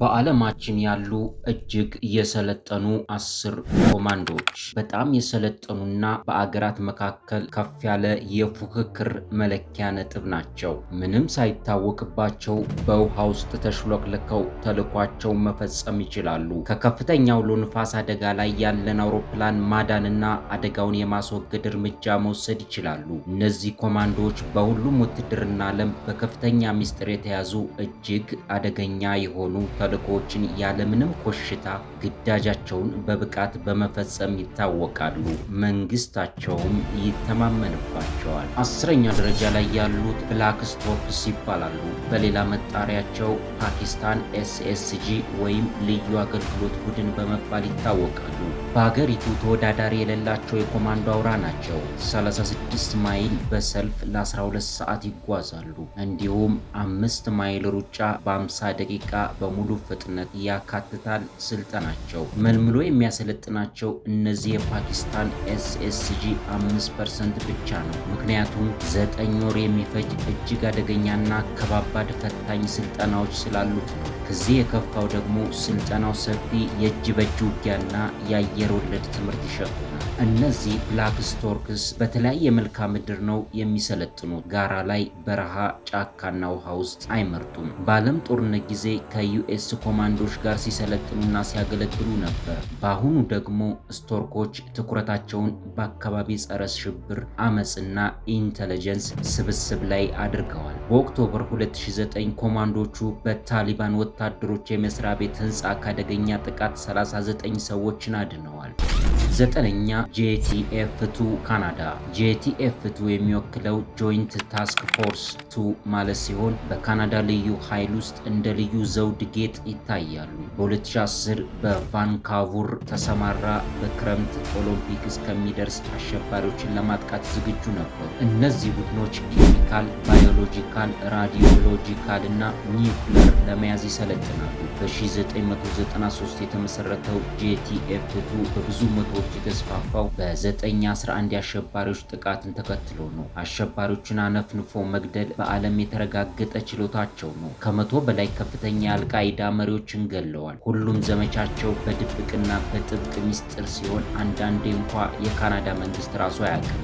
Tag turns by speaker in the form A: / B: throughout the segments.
A: በዓለማችን ያሉ እጅግ የሰለጠኑ አስር ኮማንዶዎች በጣም የሰለጠኑና በአገራት መካከል ከፍ ያለ የፉክክር መለኪያ ነጥብ ናቸው። ምንም ሳይታወቅባቸው በውሃ ውስጥ ተሽሎክልከው ተልኳቸው መፈጸም ይችላሉ። ከከፍተኛ አውሎ ንፋስ አደጋ ላይ ያለን አውሮፕላን ማዳንና አደጋውን የማስወገድ እርምጃ መውሰድ ይችላሉ። እነዚህ ኮማንዶዎች በሁሉም ውትድርና ዓለም በከፍተኛ ሚስጥር የተያዙ እጅግ አደገኛ የሆኑ ተልእኮዎችን ያለምንም ኮሽታ ግዳጃቸውን በብቃት በመፈጸም ይታወቃሉ። መንግስታቸውም ይተማመንባቸዋል። አስረኛ ደረጃ ላይ ያሉት ብላክ ስቶፕስ ይባላሉ። በሌላ መጣሪያቸው ፓኪስታን ኤስኤስጂ ወይም ልዩ አገልግሎት ቡድን በመባል ይታወቃሉ። በሀገሪቱ ተወዳዳሪ የሌላቸው የኮማንዶ አውራ ናቸው። 36 ማይል በሰልፍ ለ12 ሰዓት ይጓዛሉ። እንዲሁም አምስት ማይል ሩጫ በ50 ደቂቃ በሙሉ ፍጥነት ያካትታል ስልጠና ናቸው። መልምሎ የሚያሰለጥናቸው እነዚህ የፓኪስታን ኤስኤስጂ አምስት ፐርሰንት ብቻ ነው። ምክንያቱም ዘጠኝ ወር የሚፈጅ እጅግ አደገኛና ከባባድ ፈታኝ ስልጠናዎች ስላሉት ነው። ከዚህ የከፋው ደግሞ ስልጠናው ሰፊ የእጅ በእጅ ውጊያና የአየር ወለድ ትምህርት ይሸፍናል። እነዚህ ብላክ ስቶርክስ በተለያየ መልክዓ ምድር ነው የሚሰለጥኑት። ጋራ ላይ፣ በረሃ፣ ጫካና ውሃ ውስጥ አይመርጡም። በዓለም ጦርነት ጊዜ ከዩኤስ ኮማንዶች ጋር ሲሰለጥኑና ሲያገለግሉ ነበር። በአሁኑ ደግሞ ስቶርኮች ትኩረታቸውን በአካባቢ ጸረ ሽብር አመፅና ኢንተለጀንስ ስብስብ ላይ አድርገዋል። በኦክቶበር 2009 ኮማንዶቹ በታሊባን ወጥ ወታደሮች የመስሪያ ቤት ህንፃ ካደገኛ ጥቃት 39 ሰዎችን አድነዋል። ዘጠነኛ ጄቲኤፍ ቱ ካናዳ። ጄቲኤፍ ቱ የሚወክለው ጆይንት ታስክ ፎርስ ቱ ማለት ሲሆን በካናዳ ልዩ ኃይል ውስጥ እንደ ልዩ ዘውድ ጌጥ ይታያሉ። በ2010 በቫንካቡር ተሰማራ በክረምት ኦሎምፒክ እስከሚደርስ አሸባሪዎችን ለማጥቃት ዝግጁ ነበሩ። እነዚህ ቡድኖች ኬሚካል፣ ባዮሎጂካል፣ ራዲዮሎጂካል እና ኒውክለር ለመያዝ ይሰለጥናሉ። በ1993 የተመሰረተው ጄቲኤፍ ቱ በብዙ መቶ በሪፖርት የተስፋፋው በ911 አሸባሪዎች ጥቃትን ተከትሎ ነው። አሸባሪዎችን አነፍንፎ መግደል በዓለም የተረጋገጠ ችሎታቸው ነው። ከመቶ በላይ ከፍተኛ የአልቃይዳ መሪዎችን ገለዋል። ሁሉም ዘመቻቸው በድብቅና በጥብቅ ሚስጥር ሲሆን አንዳንዴ እንኳ የካናዳ መንግስት ራሱ አያውቅም።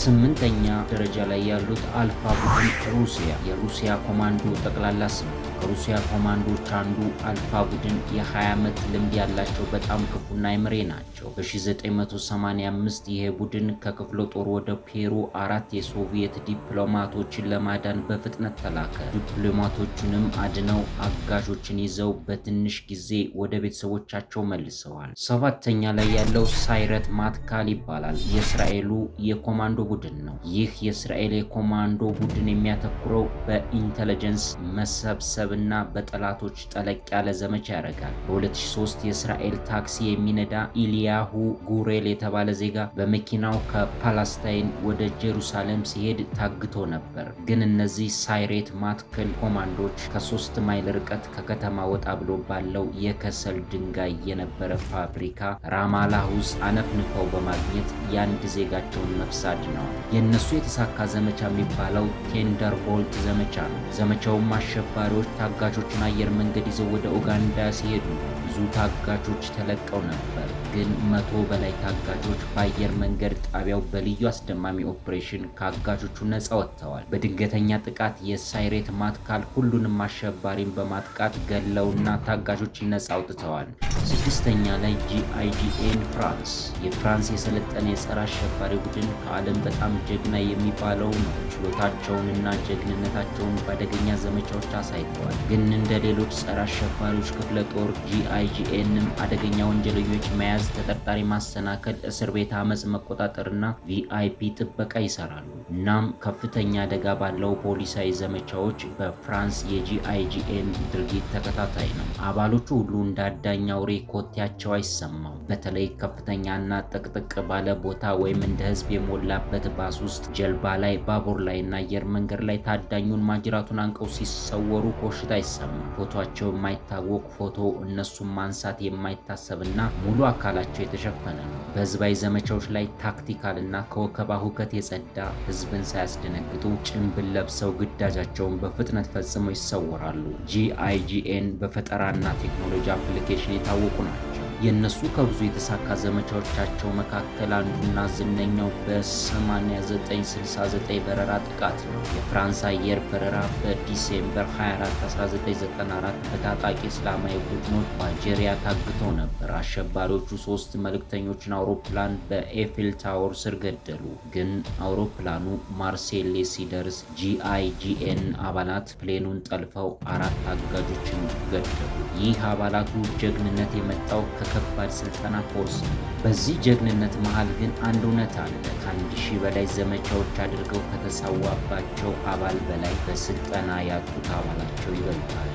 A: ስምንተኛ ደረጃ ላይ ያሉት አልፋ ቡድን ሩሲያ የሩሲያ ኮማንዶ ጠቅላላ ስም ከሩሲያ ኮማንዶች አንዱ አልፋ ቡድን የ20 ዓመት ልምድ ያላቸው በጣም ክፉና አይምሬ ናቸው። በ1985 ይሄ ቡድን ከክፍለ ጦር ወደ ፔሩ አራት የሶቪየት ዲፕሎማቶችን ለማዳን በፍጥነት ተላከ። ዲፕሎማቶቹንም አድነው አጋዦችን ይዘው በትንሽ ጊዜ ወደ ቤተሰቦቻቸው መልሰዋል። ሰባተኛ ላይ ያለው ሳይረት ማትካል ይባላል። የእስራኤሉ የኮማንዶ ቡድን ነው። ይህ የእስራኤል የኮማንዶ ቡድን የሚያተኩረው በኢንተለጀንስ መሰብሰብ በማሰብና በጠላቶች ጠለቅ ያለ ዘመቻ ያደርጋል። በ2003 የእስራኤል ታክሲ የሚነዳ ኢልያሁ ጉሬል የተባለ ዜጋ በመኪናው ከፓላስታይን ወደ ጀሩሳሌም ሲሄድ ታግቶ ነበር። ግን እነዚህ ሳይሬት ማትከል ኮማንዶች ከሶስት ማይል ርቀት ከከተማ ወጣ ብሎ ባለው የከሰል ድንጋይ የነበረ ፋብሪካ ራማላ ውስጥ አነፍንፈው በማግኘት የአንድ ዜጋቸውን መፍሳድ ነው። የእነሱ የተሳካ ዘመቻ የሚባለው ቴንደር ቦልት ዘመቻ ነው። ዘመቻውም አሸባሪዎች ታጋቾችን አየር መንገድ ይዘው ወደ ኡጋንዳ ሲሄዱ ብዙ ታጋቾች ተለቀው ነበር፣ ግን መቶ በላይ ታጋቾች በአየር መንገድ ጣቢያው በልዩ አስደማሚ ኦፕሬሽን ከአጋቾቹ ነጻ ወጥተዋል። በድንገተኛ ጥቃት የሳይሬት ማትካል ሁሉንም አሸባሪን በማጥቃት ገለውና ታጋቾችን ነፃ አውጥተዋል። ስድስተኛ ላይ ጂአይዲኤን ፍራንስ የፍራንስ የሰለጠነ የጸረ አሸባሪ ቡድን ከዓለም በጣም ጀግና የሚባለው ነው። ችሎታቸውንና ጀግንነታቸውን በአደገኛ ዘመቻዎች አሳይተዋል። ግን እንደ ሌሎች ጸረ አሸባሪዎች ክፍለ ጦር ጂአይ አይጂኤንም አደገኛ ወንጀለኞች መያዝ፣ ተጠርጣሪ ማሰናከል፣ እስር ቤት አመፅ መቆጣጠርና ቪአይፒ ጥበቃ ይሰራሉ። እናም ከፍተኛ አደጋ ባለው ፖሊሳዊ ዘመቻዎች በፍራንስ የጂአይጂኤን ድርጊት ተከታታይ ነው። አባሎቹ ሁሉ እንደ አዳኝ አውሬ ኮቴያቸው አይሰማም። በተለይ ከፍተኛና ጥቅጥቅ ባለ ቦታ ወይም እንደ ህዝብ የሞላበት ባስ ውስጥ፣ ጀልባ ላይ፣ ባቡር ላይና አየር መንገድ ላይ ታዳኙን ማጅራቱን አንቀው ሲሰወሩ ኮሽታ አይሰማም። ፎቶቸው የማይታወቅ ፎቶ እነሱም ማንሳት የማይታሰብና ሙሉ አካላቸው የተሸፈነ ነው። በህዝባዊ ዘመቻዎች ላይ ታክቲካልና ከወከባ ሁከት የጸዳ ህዝብን ሳያስደነግጡ ጭንብል ለብሰው ግዳጃቸውን በፍጥነት ፈጽመው ይሰወራሉ። ጂአይጂኤን በፈጠራና ቴክኖሎጂ አፕሊኬሽን የታወቁ ናቸው። የእነሱ ከብዙ የተሳካ ዘመቻዎቻቸው መካከል አንዱና ዝነኛው በ8969 በረራ ጥቃት ነው። የፍራንስ አየር በረራ በዲሴምበር 24 1994 በታጣቂ እስላማዊ ቡድኖች በአልጄሪያ ታግተው ነበር። አሸባሪዎቹ ሶስት መልእክተኞችን አውሮፕላን በኤፊል ታወር ስር ገደሉ። ግን አውሮፕላኑ ማርሴሌ ሲደርስ ጂአይጂኤን አባላት ፕሌኑን ጠልፈው አራት አጋጆችን ገደሉ። ይህ አባላቱ ጀግንነት የመጣው ከባድ ስልጠና ኮርስ። በዚህ ጀግንነት መሃል ግን አንድ እውነት አለ። ከአንድ ሺህ በላይ ዘመቻዎች አድርገው ከተሰዋባቸው አባል በላይ በስልጠና ያጡት አባላቸው ይበልጣል።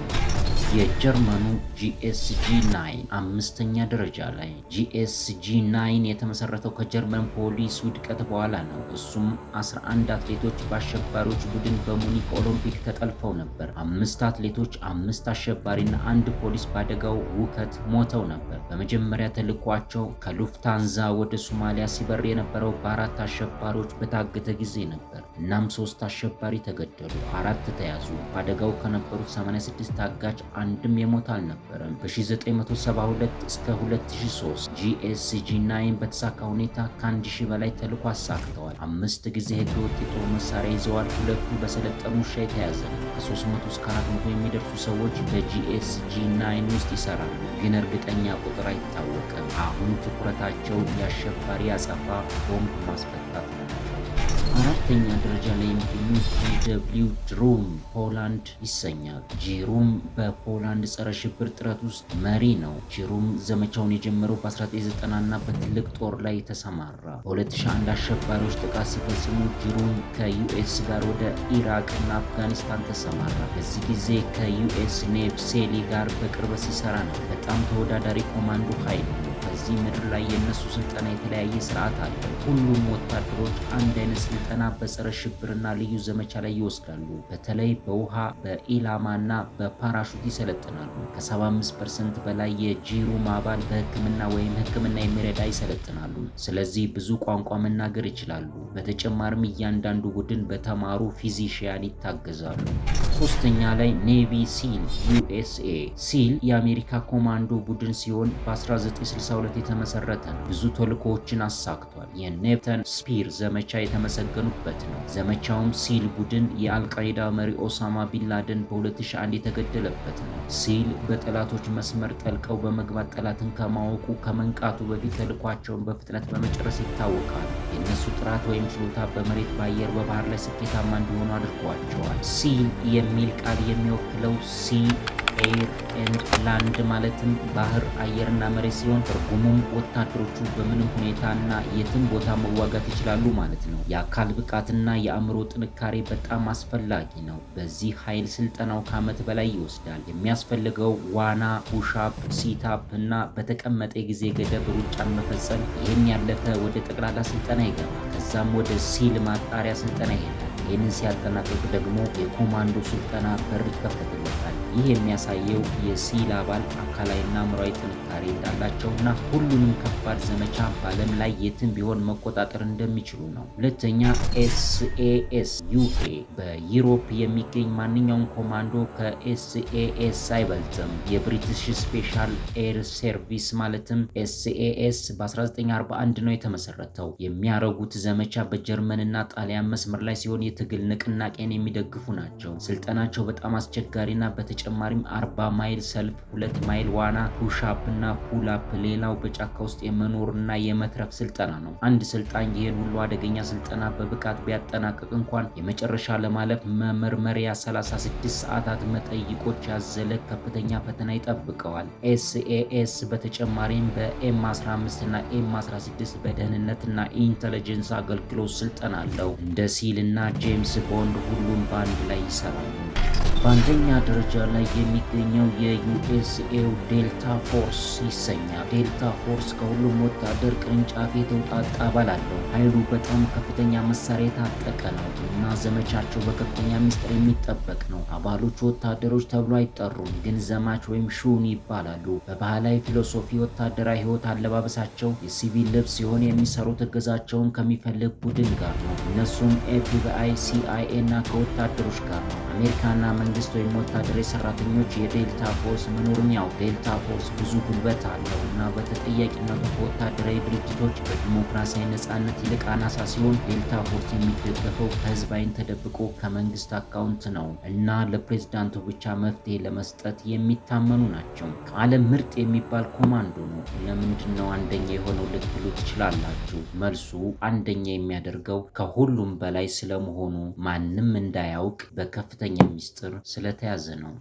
A: የጀርመኑ ጂኤስጂ ናይን አምስተኛ ደረጃ ላይ። ጂኤስጂ ናይን የተመሰረተው ከጀርመን ፖሊስ ውድቀት በኋላ ነው። እሱም 11 አትሌቶች በአሸባሪዎች ቡድን በሙኒክ ኦሎምፒክ ተጠልፈው ነበር። አምስት አትሌቶች፣ አምስት አሸባሪና አንድ ፖሊስ በአደጋው ውከት ሞተው ነበር። በመጀመሪያ ተልኳቸው ከሉፍታንዛ ወደ ሶማሊያ ሲበር የነበረው በአራት አሸባሪዎች በታገተ ጊዜ ነበር። እናም ሶስት አሸባሪ ተገደሉ፣ አራት ተያዙ። በአደጋው ከነበሩት 86 ታጋች አንድም የሞት አልነበረም። በ1972 እስከ 2003 ጂኤስጂ 9 በተሳካ ሁኔታ ከአንድ ሺህ በላይ ተልኮ አሳክተዋል። አምስት ጊዜ ህገወጥ የጦር መሳሪያ ይዘዋል። ሁለቱ በሰለጠኑ ውሻ የተያዘ ነው። ከ300 እስከ 400 የሚደርሱ ሰዎች በጂኤስጂ 9 ውስጥ ይሰራሉ፣ ግን እርግጠኛ ቁጥር እንደነበረ አይታወቅም። አሁን ትኩረታቸው የአሸባሪ አጸፋ ቦምብ ማስፈታት ናቸው። አራተኛ ደረጃ ላይ የሚገኙት ጂደብሊው ድሩም ፖላንድ ይሰኛል። ጂሩም በፖላንድ ጸረ ሽብር ጥረት ውስጥ መሪ ነው። ጂሩም ዘመቻውን የጀመረው በ1990ና በትልቅ ጦር ላይ ተሰማራ። በ2001 አሸባሪዎች ጥቃት ሲፈጽሙ ጂሩም ከዩኤስ ጋር ወደ እና አፍጋኒስታን ተሰማራ። በዚህ ጊዜ ከዩኤስ ኔቭ ሴሊ ጋር በቅርበት ሲሰራ ነው። በጣም ተወዳዳሪ ኮማንዶ ኃይል በዚህ ምድር ላይ የእነሱ ስልጠና የተለያየ ስርዓት አለ። ሁሉም ወታደሮች አንድ አይነት ስልጠና በጸረ ሽብርና ልዩ ዘመቻ ላይ ይወስዳሉ። በተለይ በውሃ በኢላማና በፓራሹት ይሰለጥናሉ። ከ75 ፐርሰንት በላይ የጂሩም አባል በህክምና ወይም ህክምና የሚረዳ ይሰለጥናሉ። ስለዚህ ብዙ ቋንቋ መናገር ይችላሉ። በተጨማሪም እያንዳንዱ ቡድን በተማሩ ፊዚሽያን ይታገዛሉ። ሶስተኛ ላይ ኔቪ ሲል ዩኤስኤ ሲል የአሜሪካ ኮማንዶ ቡድን ሲሆን በ1962 የተመሰረተ ነው። ብዙ ተልእኮዎችን አሳክቷል። የኔፕተን ስፒር ዘመቻ የተመሰገኑበት ነው። ዘመቻውም ሲል ቡድን የአልቃይዳ መሪ ኦሳማ ቢንላደን በ2001 የተገደለበት ነው። ሲል በጠላቶች መስመር ጠልቀው በመግባት ጠላትን ከማወቁ ከመንቃቱ በፊት ተልኳቸውን በፍጥነት በመጨረስ ይታወቃል። የእነሱ ጥራት ወይም ችሎታ በመሬት በአየር፣ በባህር ላይ ስኬታማ እንዲሆኑ አድርጓቸዋል። ሲል የሚል ቃል የሚወክለው ሲል ኤር ኤንድ ላንድ ማለትም ባህር፣ አየርና መሬት ሲሆን ትርጉሙም ወታደሮቹ በምንም ሁኔታና የትም ቦታ መዋጋት ይችላሉ ማለት ነው። የአካል ብቃትና የአእምሮ ጥንካሬ በጣም አስፈላጊ ነው። በዚህ ኃይል ስልጠናው ከዓመት በላይ ይወስዳል። የሚያስፈልገው ዋና፣ ፑሻፕ፣ ሲታፕ እና በተቀመጠ ጊዜ ገደብ ሩጫን መፈጸም። ይህን ያለፈ ወደ ጠቅላላ ስልጠና ይገባል። ከዛም ወደ ሲል ማጣሪያ ስልጠና ይሄዳል። ይህንን ሲያጠናቅቅ ደግሞ የኮማንዶ ስልጠና በር ይከፈትለታል። ይህ የሚያሳየው የሲል አባል አካላዊና አእምሯዊ ጥንካሬ ና ሁሉንም ከባድ ዘመቻ በዓለም ላይ የትም ቢሆን መቆጣጠር እንደሚችሉ ነው። ሁለተኛ ኤስኤኤስ ዩኬ በዩሮፕ የሚገኝ ማንኛውም ኮማንዶ ከኤስኤኤስ አይበልጥም። የብሪቲሽ ስፔሻል ኤር ሰርቪስ ማለትም ኤስኤኤስ በ1941 ነው የተመሰረተው። የሚያረጉት ዘመቻ በጀርመንና ጣሊያን መስመር ላይ ሲሆን የትግል ንቅናቄን የሚደግፉ ናቸው። ስልጠናቸው በጣም አስቸጋሪና በተጨ በተጨማሪም 40 ማይል ሰልፍ፣ ሁለት ማይል ዋና፣ ፑሻፕ እና ፑላፕ። ሌላው በጫካ ውስጥ የመኖርና የመትረፍ ስልጠና ነው። አንድ ስልጣን ይህን ሁሉ አደገኛ ስልጠና በብቃት ቢያጠናቅቅ እንኳን የመጨረሻ ለማለፍ መመርመሪያ 36 ሰዓታት መጠይቆች ያዘለ ከፍተኛ ፈተና ይጠብቀዋል። ኤስኤኤስ በተጨማሪም በኤም 15 እና ኤም 16 በደህንነትና ኢንተለጀንስ አገልግሎት ስልጠና አለው። እንደ ሲል እና ጄምስ ቦንድ ሁሉም በአንድ ላይ ይሰራሉ። በአንደኛ ደረጃ ላይ የሚገኘው የዩኤስኤው ዴልታ ፎርስ ይሰኛል። ዴልታ ፎርስ ከሁሉም ወታደር ቅርንጫፍ የተውጣጣ አባል አለው። ኃይሉ በጣም ከፍተኛ መሳሪያ የታጠቀ ነው እና ዘመቻቸው በከፍተኛ ምስጢር የሚጠበቅ ነው። አባሎቹ ወታደሮች ተብሎ አይጠሩም፣ ግን ዘማች ወይም ሹን ይባላሉ። በባህላዊ ፊሎሶፊ ወታደራዊ ሕይወት አለባበሳቸው የሲቪል ልብስ ሲሆን የሚሰሩት እገዛቸውን ከሚፈልግ ቡድን ጋር ነው። እነሱም ኤፍቢአይ፣ ሲአይኤ እና ከወታደሮች ጋር ነው። አሜሪካና መንግስት መንግስት ወይም ወታደራዊ ሰራተኞች የዴልታ ፎርስ መኖሩን ያው ዴልታ ፎርስ ብዙ ጉልበት አለው እና በተጠያቂነቱ ከወታደራዊ ድርጅቶች በዲሞክራሲያዊ ነጻነት ይልቅ አናሳ ሲሆን ዴልታ ፎርስ የሚደገፈው ከህዝብ አይን ተደብቆ ከመንግስት አካውንት ነው እና ለፕሬዝዳንቱ ብቻ መፍትሄ ለመስጠት የሚታመኑ ናቸው። ከዓለም ምርጥ የሚባል ኮማንዶ ነው። ለምንድን ነው አንደኛ የሆነው ልትሉ ትችላላችሁ። መልሱ አንደኛ የሚያደርገው ከሁሉም በላይ ስለመሆኑ ማንም እንዳያውቅ በከፍተኛ ሚስጥር ስለተያዘ ነው።